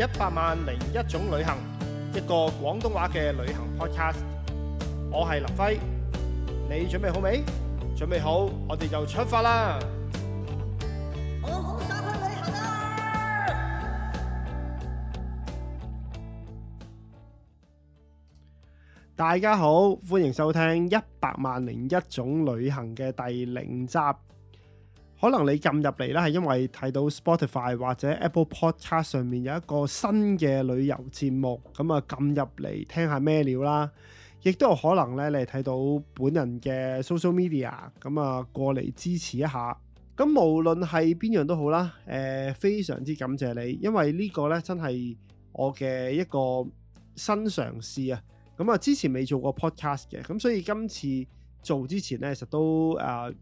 一百萬零一種旅行，一個廣東話嘅旅行 Podcast。我係林輝，你準備好未？準備好，我哋就出發啦！我好想去旅行啊！大家好，歡迎收聽《一百萬零一種旅行》嘅第零集。可能你撳入嚟啦，係因為睇到 Spotify 或者 Apple Podcast 上面有一個新嘅旅遊節目，咁啊撳入嚟聽下咩料啦。亦都有可能咧，你睇到本人嘅 Social Media，咁啊過嚟支持一下。咁無論係邊樣都好啦，呃，非常之感謝你，因為呢個咧真係我嘅一個新嘗試啊。咁啊，之前未做過 Podcast 嘅，咁所以今次做之前咧，其實都誒。呃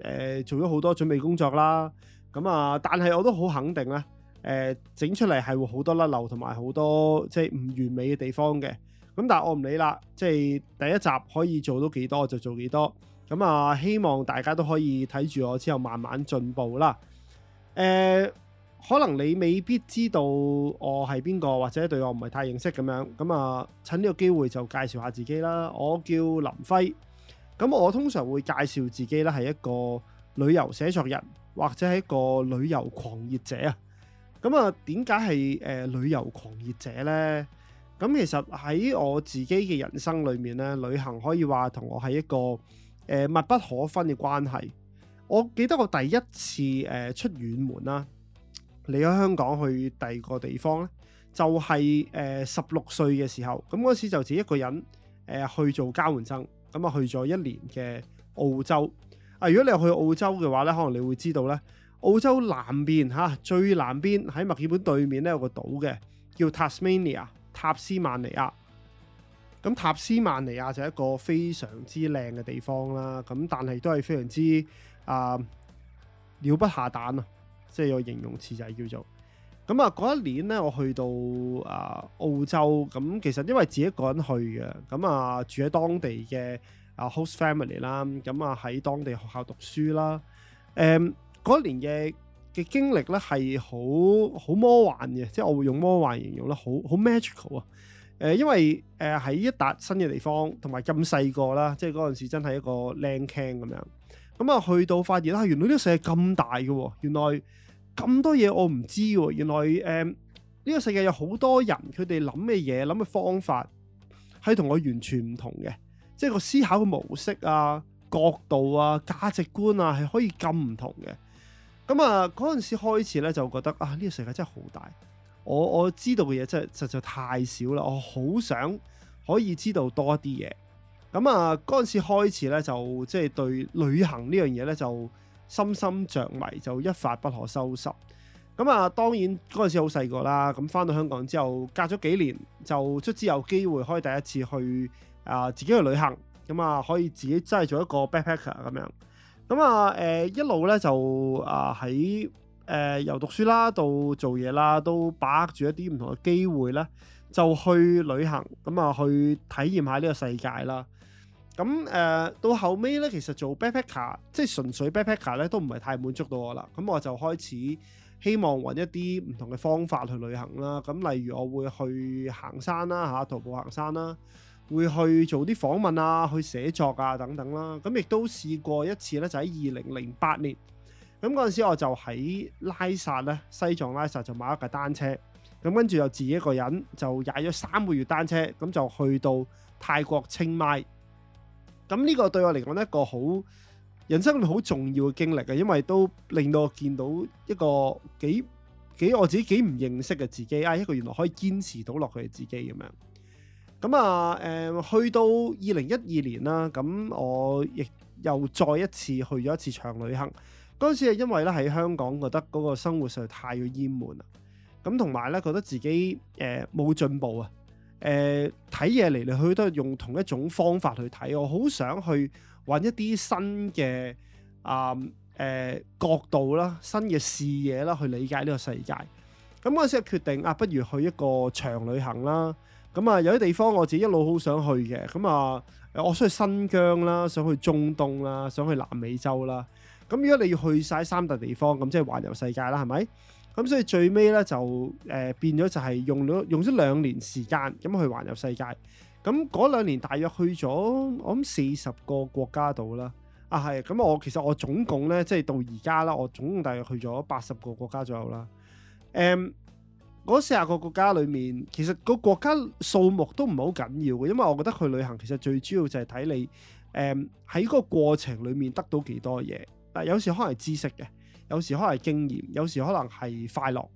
誒、呃、做咗好多準備工作啦，咁、嗯、啊，但係我都好肯定咧，誒、呃、整出嚟係會好多甩漏同埋好多即係唔完美嘅地方嘅，咁、嗯、但係我唔理啦，即係第一集可以做到幾多就做幾多，咁、嗯、啊、嗯、希望大家都可以睇住我之後慢慢進步啦。誒、嗯，可能你未必知道我係邊個，或者對我唔係太認識咁樣，咁、嗯、啊趁呢個機會就介紹下自己啦，我叫林輝。咁我通常會介紹自己咧係一個旅遊寫作人，或者係一個旅遊狂熱者啊。咁啊，點解係誒旅遊狂熱者呢？咁其實喺我自己嘅人生裏面咧，旅行可以話同我係一個誒密、呃、不可分嘅關係。我記得我第一次誒、呃、出遠門啦，離開香港去第二個地方咧，就係誒十六歲嘅時候。咁嗰時就自己一個人誒、呃、去做交換生。咁啊去咗一年嘅澳洲啊！如果你去澳洲嘅話咧，可能你會知道咧，澳洲南邊吓、啊、最南邊喺墨爾本對面咧有個島嘅，叫 Tasmania, 塔斯曼尼亞，塔斯曼尼亞。咁塔斯曼尼亞就係一個非常之靚嘅地方啦。咁但係都係非常之啊鳥不下蛋啊，即係個形容詞就係叫做。咁啊，嗰一年咧，我去到啊澳洲，咁其實因為自己一個人去嘅，咁啊住喺當地嘅啊 host family 啦，咁啊喺當地學校讀書啦，誒、嗯、嗰一年嘅嘅經歷咧係好好魔幻嘅，即係我會用魔幻形容啦，好好 magical 啊，誒因為誒喺一笪新嘅地方，同埋咁細個啦，即係嗰陣時真係一個靚 can 咁樣，咁啊去到發現啊原來呢個世界咁大嘅喎，原來這這麼大的。原來咁多嘢我唔知喎，原來誒呢個世界有好多人，佢哋諗嘅嘢、諗嘅方法，係同我完全唔同嘅，即係個思考嘅模式啊、角度啊、價值觀啊，係可以咁唔同嘅。咁啊，嗰陣時開始咧就覺得啊，呢個世界真係好大，我我知道嘅嘢真係實在太少啦，我好想可以知道多一啲嘢。咁啊，嗰陣時開始咧就即係對旅行呢樣嘢咧就，深深着迷，迷就一發不可收拾。咁啊，當然嗰陣時好細個啦。咁翻到香港之後，隔咗幾年就卒之有機會可以第一次去啊，自己去旅行。咁啊，可以自己真係做一個 backpacker 咁樣。咁啊、呃，一路咧就啊喺誒、呃、由讀書啦到做嘢啦，都把握住一啲唔同嘅機會咧，就去旅行。咁啊，去體驗下呢個世界啦。咁、呃、到後尾咧，其實做 backpacker 即係純粹 backpacker 咧，都唔係太滿足到我啦。咁我就開始希望揾一啲唔同嘅方法去旅行啦。咁例如我會去行山啦，嚇徒步行山啦，會去做啲訪問啊，去寫作啊等等啦。咁亦都試過一次咧，就喺二零零八年咁嗰陣時，我就喺拉薩咧，西藏拉薩就買一架單車，咁跟住又自己一個人就踩咗三個月單車，咁就去到泰國清邁。咁呢個對我嚟講呢，一個好人生好重要嘅經歷啊，因為都令到我見到一個幾幾我自己幾唔認識嘅自己啊，一個原來可以堅持到落去嘅自己咁樣。咁啊，誒、呃、去到二零一二年啦，咁我亦又再一次去咗一次長旅行。嗰陣時係因為咧喺香港覺得嗰個生活實在太過沉悶啦，咁同埋咧覺得自己誒冇、呃、進步啊。誒睇嘢嚟嚟去去都係用同一種方法去睇，我好想去揾一啲新嘅啊誒角度啦、新嘅視野啦去理解呢個世界。咁嗰陣時就決定啊，不如去一個長旅行啦。咁啊，有啲地方我自己一路好想去嘅。咁啊，我想去新疆啦，想去中東啦，想去南美洲啦。咁如果你要去晒三笪地方，咁即係環遊世界啦，係咪？咁、嗯、所以最尾咧就誒、呃、變咗就係用咗用咗兩年時間咁、嗯、去環遊世界。咁、嗯、嗰兩年大約去咗我諗四十個國家度啦。啊係，咁、嗯、我其實我總共咧即係到而家啦，我總共大約去咗八十個國家左右啦。誒、嗯，嗰四十個國家裏面，其實個國家數目都唔係好緊要嘅，因為我覺得去旅行其實最主要就係睇你誒喺、嗯、個過程裏面得到幾多嘢。但、嗯、有時可能係知識嘅。有時可能係經驗，有時可能係快樂。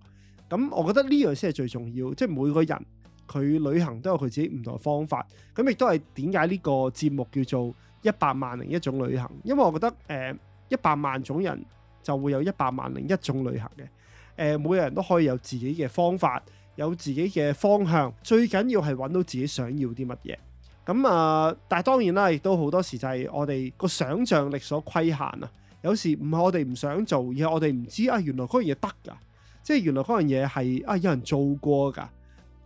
咁我覺得呢樣先係最重要。即係每個人佢旅行都有佢自己唔同嘅方法。咁亦都係點解呢個節目叫做一百萬零一種旅行？因為我覺得呃、一百萬種人就會有一百萬零一種旅行嘅、呃。每個人都可以有自己嘅方法，有自己嘅方向。最緊要係揾到自己想要啲乜嘢。咁啊、呃，但係當然啦，亦都好多時就係我哋個想像力所規限啊。有時唔係我哋唔想做，而我哋唔知啊，原來嗰樣嘢得噶，即係原來嗰樣嘢係啊有人做過噶。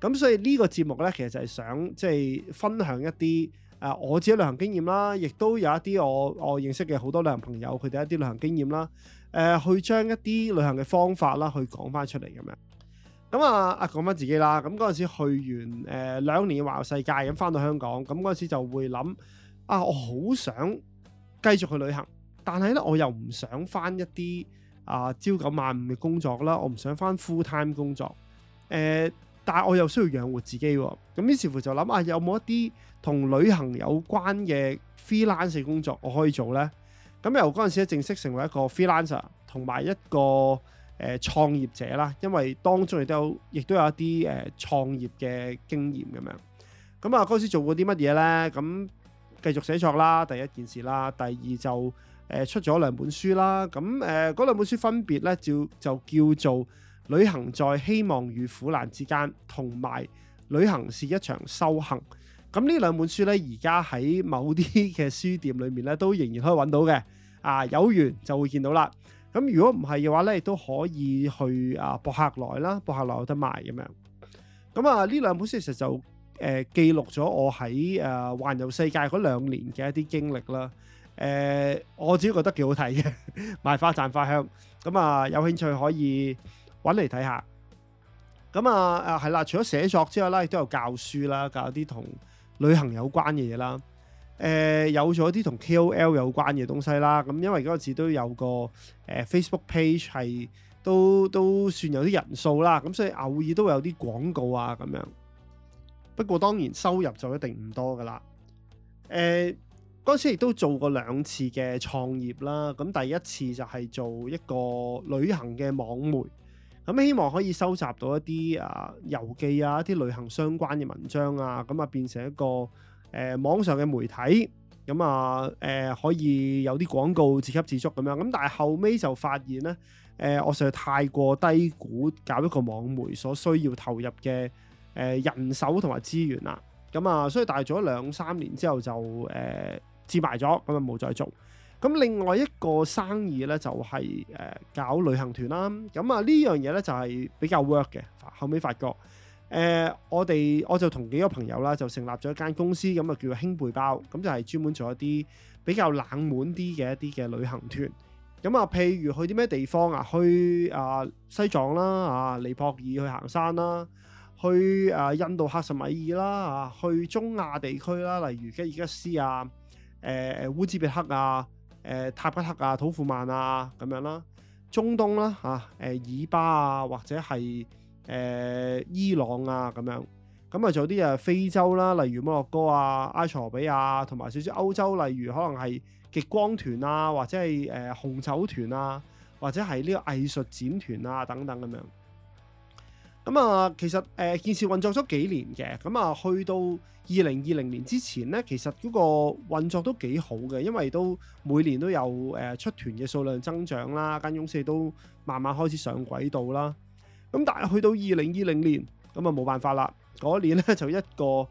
咁所以呢個節目呢，其實就係想即係、就是、分享一啲啊、呃、我自己旅行經驗啦，亦都有一啲我我認識嘅好多旅行朋友佢哋一啲旅行經驗啦。誒、呃，去將一啲旅行嘅方法啦，去講翻出嚟咁樣。咁啊，講翻自己啦。咁嗰陣時去完誒、呃、兩年環遊世界咁翻到香港，咁嗰陣時就會諗啊，我好想繼續去旅行。但係咧，我又唔想返一啲啊朝九晚五嘅工作啦，我唔想返 full time 工作。呃、但係我又需要養活自己喎。咁於是乎就諗啊，有冇一啲同旅行有關嘅 freelancer 工作我可以做呢？咁由嗰陣時正式成為一個 freelancer，同埋一個誒、呃、創業者啦。因為當中亦都亦都有一啲誒、呃、創業嘅經驗咁樣。咁啊，嗰時做過啲乜嘢呢？咁繼續寫作啦，第一件事啦。第二就。誒，出咗兩本書啦，咁誒，嗰兩本書分別咧就就叫做《旅行在希望與苦難之間》，同埋《旅行是一場修行》。咁呢兩本書咧，而家喺某啲嘅書店裏面咧，都仍然可以揾到嘅。啊，有緣就會見到啦。咁如果唔係嘅話咧，亦都可以去啊博客來啦，博客來有得賣咁樣。咁啊，呢兩本書其實就誒記錄咗我喺誒環遊世界嗰兩年嘅一啲經歷啦。誒，我自己覺得幾好睇嘅，賣花讚花香。咁啊，有興趣可以揾嚟睇下。咁啊，係啦，除咗寫作之外咧，亦都有教書啦，教啲同旅行有關嘅嘢啦。誒，有咗啲同 KOL 有關嘅東西啦。咁因為嗰陣時都有個誒 Facebook page 係都都算有啲人數啦。咁所以偶爾都會有啲廣告啊咁樣。不過當然收入就一定唔多噶啦。誒。嗰時亦都做過兩次嘅創業啦，咁第一次就係做一個旅行嘅網媒，咁希望可以收集到一啲、呃、啊遊記啊一啲旅行相關嘅文章啊，咁啊變成一個誒、呃、網上嘅媒體，咁啊誒、呃、可以有啲廣告自給自足咁樣，咁、啊、但係後尾就發現呢，誒、呃、我實在太過低估搞一個網媒所需要投入嘅誒人手同埋資源啦，咁啊所以大咗兩三年之後就誒。呃接埋咗，咁就冇再做。咁另外一個生意呢，就係誒搞旅行團啦。咁啊呢樣嘢呢，就係比較 work 嘅。後尾發覺誒，我哋我就同幾個朋友啦，就成立咗一間公司，咁啊叫做輕背包，咁就係專門做一啲比較冷門啲嘅一啲嘅旅行團。咁啊，譬如去啲咩地方啊？去啊西藏啦，啊尼泊爾去行山啦，去啊印度克什米爾啦，啊去中亞地區啦，例如吉爾吉斯啊。誒誒、呃、烏茲別克啊、誒、呃、塔吉克啊、土庫曼啊咁樣啦，中東啦嚇，誒、啊、以、呃、巴啊或者係誒、呃、伊朗啊咁樣，咁啊仲有啲啊非洲啦，例如摩洛哥啊、埃塞俄比亞同埋少少歐洲，例如可能係極光團啊，或者係誒、呃、紅酒團啊，或者係呢個藝術展團啊等等咁樣。咁啊，其實誒件事運作咗幾年嘅，咁啊去到二零二零年之前呢，其實嗰個運作都幾好嘅，因為都每年都有誒、呃、出團嘅數量增長啦，間公司都慢慢開始上軌道啦。咁但係去到二零二零年，咁啊冇辦法啦，嗰年呢，就一個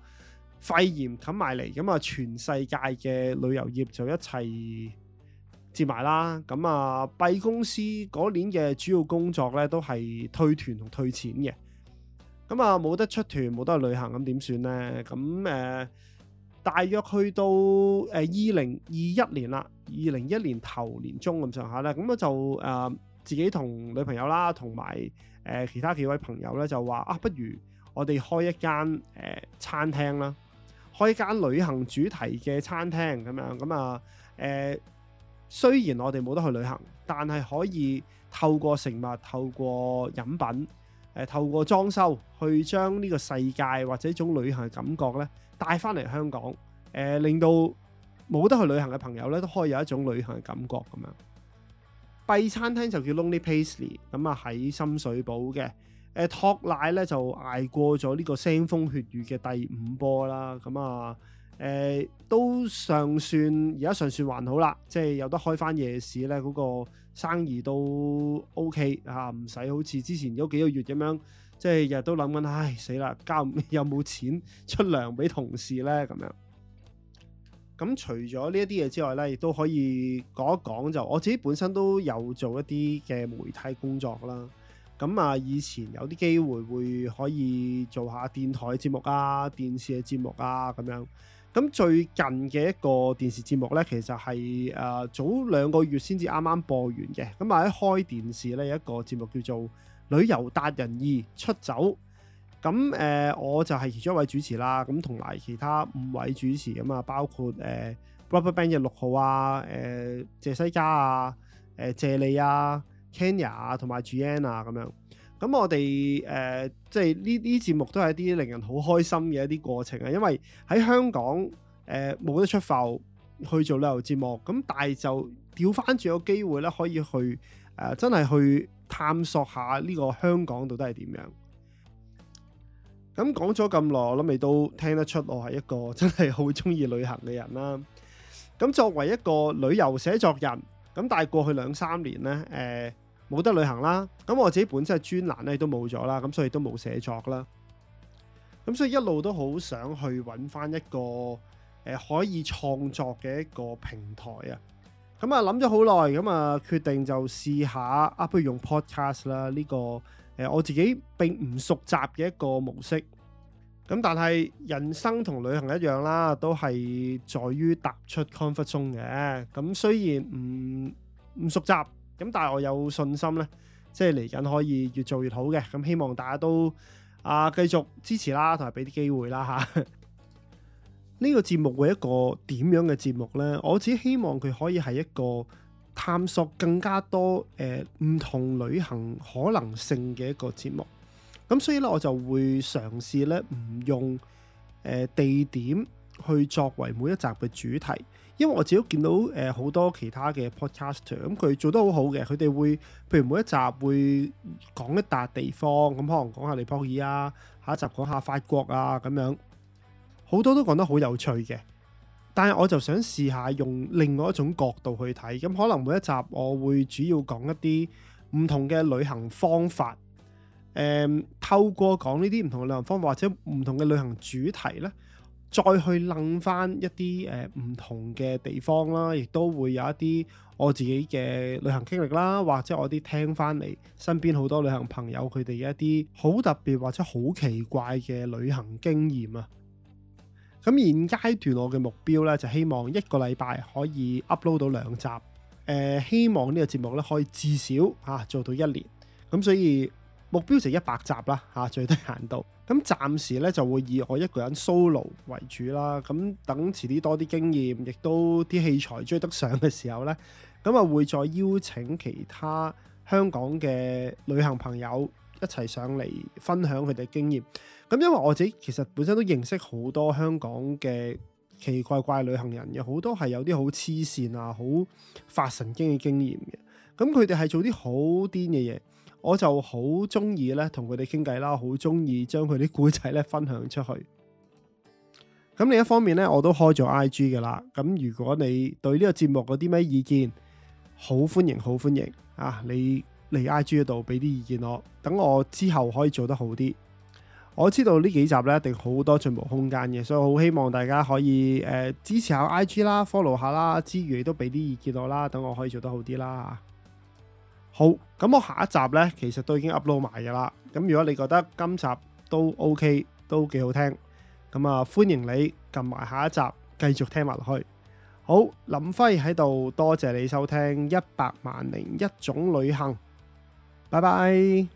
肺炎冚埋嚟，咁啊全世界嘅旅遊業就一齊跌埋啦。咁啊，敝公司嗰年嘅主要工作呢，都係退團同退錢嘅。咁啊，冇得出團，冇得去旅行，咁點算呢？咁、呃、大約去到誒二零二一年啦，二零一年頭年中咁上下咧，咁我就、呃、自己同女朋友啦，同埋、呃、其他幾位朋友咧，就話啊，不如我哋開一間、呃、餐廳啦，開一間旅行主題嘅餐廳咁樣。咁啊誒，雖然我哋冇得去旅行，但係可以透過食物，透過飲品。誒透過裝修去將呢個世界或者一種旅行嘅感覺咧帶翻嚟香港，誒、呃、令到冇得去旅行嘅朋友咧都可以有一種旅行嘅感覺咁樣。閉餐廳就叫 Lonely Placey，咁、嗯、啊喺深水埗嘅。誒、呃、托奶咧就捱過咗呢個腥風血雨嘅第五波啦，咁、嗯、啊～、嗯誒、呃、都尚算而家尚算還好啦，即係有得開翻夜市咧，嗰、那個生意都 OK，唔使好似之前嗰幾個月咁樣，即係日日都諗緊，唉死啦，交有冇錢出糧俾同事咧咁樣。咁除咗呢一啲嘢之外咧，亦都可以講一講就我自己本身都有做一啲嘅媒體工作啦。咁啊，以前有啲機會會可以做下電台節目啊、電視嘅節目啊咁樣。咁最近嘅一個電視節目呢，其實係誒、呃、早兩個月先至啱啱播完嘅。咁啊，喺開電視呢，有一個節目叫做《旅遊達人二出走》。咁、呃、誒，我就係其中一位主持啦。咁同埋其他五位主持咁啊，包括誒、呃、Rubberband 嘅六號啊，誒、呃、謝西嘉啊，誒、呃、謝莉啊，Kenya 啊，同埋 G N 啊咁樣。咁我哋誒、呃，即係呢啲節目都係一啲令人好開心嘅一啲過程啊！因為喺香港誒冇、呃、得出埠去做旅遊節目，咁但係就掉返轉有機會咧，可以去誒、呃、真係去探索下呢個香港到底係點樣。咁講咗咁耐，我諗你都聽得出我係一個真係好中意旅行嘅人啦。咁作為一個旅遊寫作人，咁但係過去兩三年呢。誒、呃。冇得旅行啦，咁我自己本身嘅專欄咧都冇咗啦，咁所以都冇寫作啦。咁所以一路都好想去搵翻一個誒可以創作嘅一個平台啊。咁啊諗咗好耐，咁啊決定就試下啊，譬如用 Podcast 啦呢個誒我自己並唔熟習嘅一個模式。咁但係人生同旅行一樣啦，都係在於踏出 comfort zone 嘅。咁雖然唔唔熟習。咁但係我有信心呢，即係嚟緊可以越做越好嘅。咁希望大家都啊繼續支持啦，同埋俾啲機會啦嚇。呢 個節目會一個點樣嘅節目呢？我只希望佢可以係一個探索更加多誒唔、呃、同旅行可能性嘅一個節目。咁所以呢，我就會嘗試咧唔用誒、呃、地點。去作為每一集嘅主題，因為我自己都見到誒好多其他嘅 podcaster，咁佢做得好好嘅，佢哋會譬如每一集會講一笪地方，咁可能講下尼泊爾啊，下一集講下法國啊咁樣，好多都講得好有趣嘅。但係我就想試下用另外一種角度去睇，咁可能每一集我會主要講一啲唔同嘅旅行方法，嗯、透過講呢啲唔同嘅旅行方法或者唔同嘅旅行主題呢。再去擸翻一啲誒唔同嘅地方啦，亦都會有一啲我自己嘅旅行經歷啦，或者我啲聽翻嚟身邊好多旅行朋友佢哋一啲好特別或者好奇怪嘅旅行經驗啊。咁現階段我嘅目標呢，就希望一個禮拜可以 upload 到兩集，呃、希望呢個節目呢可以至少、吓、做到一年。咁所以，目標就一百集啦，嚇、啊、最低限度。咁暫時咧就會以我一個人 solo 為主啦。咁等遲啲多啲經驗，亦都啲器材追得上嘅時候咧，咁啊會再邀請其他香港嘅旅行朋友一齊上嚟分享佢哋經驗。咁因為我自己其實本身都認識好多香港嘅奇奇怪怪旅行人嘅，好多係有啲好黐線啊、好發神經嘅經驗嘅。咁佢哋係做啲好癲嘅嘢。我就好中意咧同佢哋傾偈啦，好中意將佢啲故仔咧分享出去。咁另一方面呢，我都開咗 I G 噶啦。咁如果你對呢個節目有啲咩意見，好歡迎，好歡迎啊！你嚟 I G 嗰度俾啲意見我，等我之後可以做得好啲。我知道呢幾集呢一定好多進步空間嘅，所以我好希望大家可以誒、呃、支持下 I G 啦，follow 下啦，之餘都俾啲意見我啦，等我可以做得好啲啦。好。咁我下一集呢，其實都已經 upload 埋嘅啦。咁如果你覺得今集都 OK，都幾好聽，咁啊歡迎你撳埋下一集繼續聽埋落去。好，林輝喺度，多謝你收聽一百萬零一種旅行，拜拜。